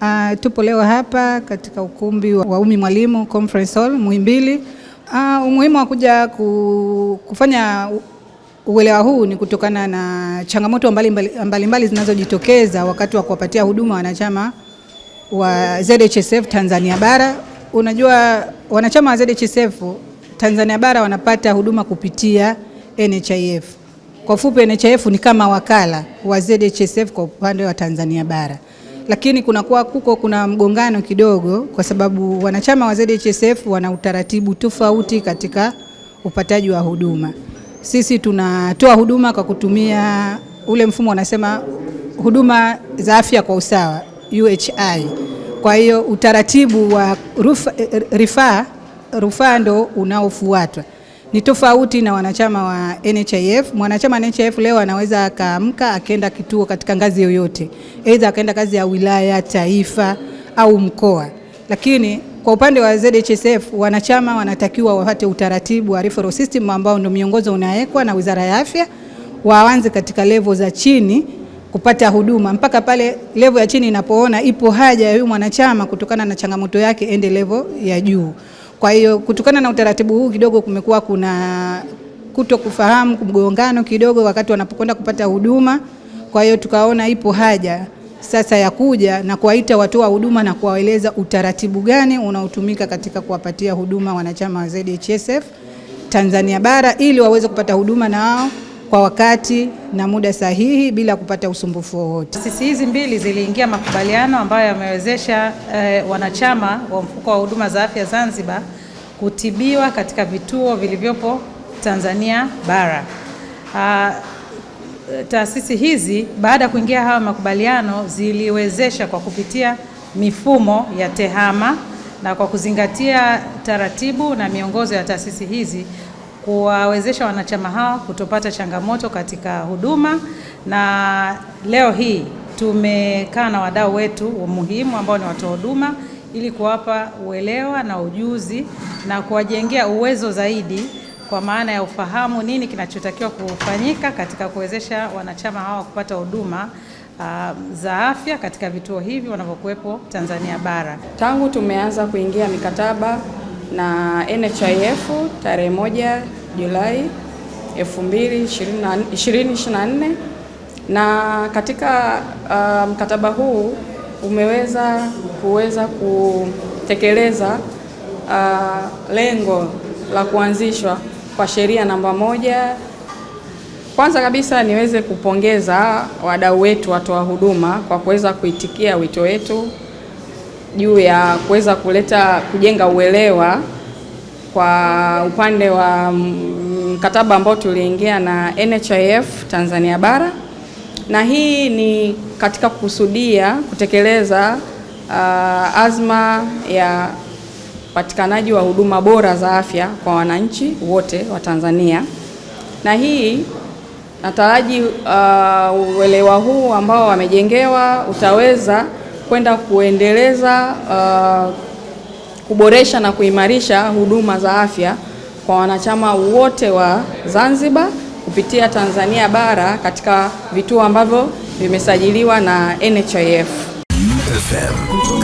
Uh, tupo leo hapa katika ukumbi wa Umi Mwalimu Conference Hall Muhimbili. Uh, umuhimu wa kuja kufanya uelewa huu ni kutokana na changamoto mbalimbali zinazojitokeza wakati wa kuwapatia huduma wanachama wa ZHSF Tanzania Bara. Unajua, wanachama wa ZHSF Tanzania Bara wanapata huduma kupitia NHIF. Kwa ufupi, NHIF ni kama wakala wa ZHSF kwa upande wa Tanzania Bara lakini kunakuwa kuko kuna mgongano kidogo, kwa sababu wanachama wa ZHSF wana utaratibu tofauti katika upataji wa huduma. Sisi tunatoa huduma kwa kutumia ule mfumo wanasema huduma za afya kwa usawa UHI. Kwa hiyo utaratibu wa eh, rufaa rufa ndo unaofuatwa ni tofauti na wanachama wa NHIF. Mwanachama wa NHIF leo anaweza akaamka akaenda kituo katika ngazi yoyote, aidha akaenda kazi ya wilaya, taifa au mkoa. Lakini kwa upande wa ZHSF wanachama wanatakiwa wapate utaratibu wa referral system ambao ndio miongozo unawekwa na Wizara ya Afya, waanze katika levo za chini kupata huduma mpaka pale levo ya chini inapoona ipo haja ya huyu mwanachama kutokana na changamoto yake ende levo ya juu. Kwa hiyo kutokana na utaratibu huu kidogo kumekuwa kuna kuto kufahamu mgongano kidogo wakati wanapokwenda kupata huduma. Kwa hiyo tukaona ipo haja sasa ya kuja na kuwaita watoa huduma na kuwaeleza utaratibu gani unaotumika katika kuwapatia huduma wanachama wa ZHSF Tanzania bara ili waweze kupata huduma na wao kwa wakati na muda sahihi bila kupata usumbufu wowote. Taasisi hizi mbili ziliingia makubaliano ambayo yamewezesha eh, wanachama wa mfuko wa huduma za afya Zanzibar kutibiwa katika vituo vilivyopo Tanzania bara. Ah, eh, taasisi hizi baada ya kuingia haya makubaliano ziliwezesha kwa kupitia mifumo ya TEHAMA na kwa kuzingatia taratibu na miongozo ya taasisi hizi kuwawezesha wanachama hao kutopata changamoto katika huduma. Na leo hii tumekaa na wadau wetu muhimu ambao ni watoa huduma ili kuwapa uelewa na ujuzi na kuwajengea uwezo zaidi kwa maana ya ufahamu nini kinachotakiwa kufanyika katika kuwezesha wanachama hawa kupata huduma uh, za afya katika vituo hivi wanavyokuwepo Tanzania bara. Tangu tumeanza kuingia mikataba na NHIF tarehe moja Julai 2024 na katika uh, mkataba um, huu umeweza kuweza kutekeleza uh, lengo la kuanzishwa kwa sheria namba moja. Kwanza kabisa niweze kupongeza wadau wetu watoa huduma kwa kuweza kuitikia wito wetu juu ya kuweza kuleta kujenga uelewa kwa upande wa mkataba ambao tuliingia na NHIF Tanzania Bara, na hii ni katika kukusudia kutekeleza uh, azma ya upatikanaji wa huduma bora za afya kwa wananchi wote wa Tanzania, na hii nataraji uh, uelewa huu ambao wamejengewa utaweza kwenda kuendeleza uh, kuboresha na kuimarisha huduma za afya kwa wanachama wote wa Zanzibar kupitia Tanzania bara katika vituo ambavyo vimesajiliwa na NHIF. FM.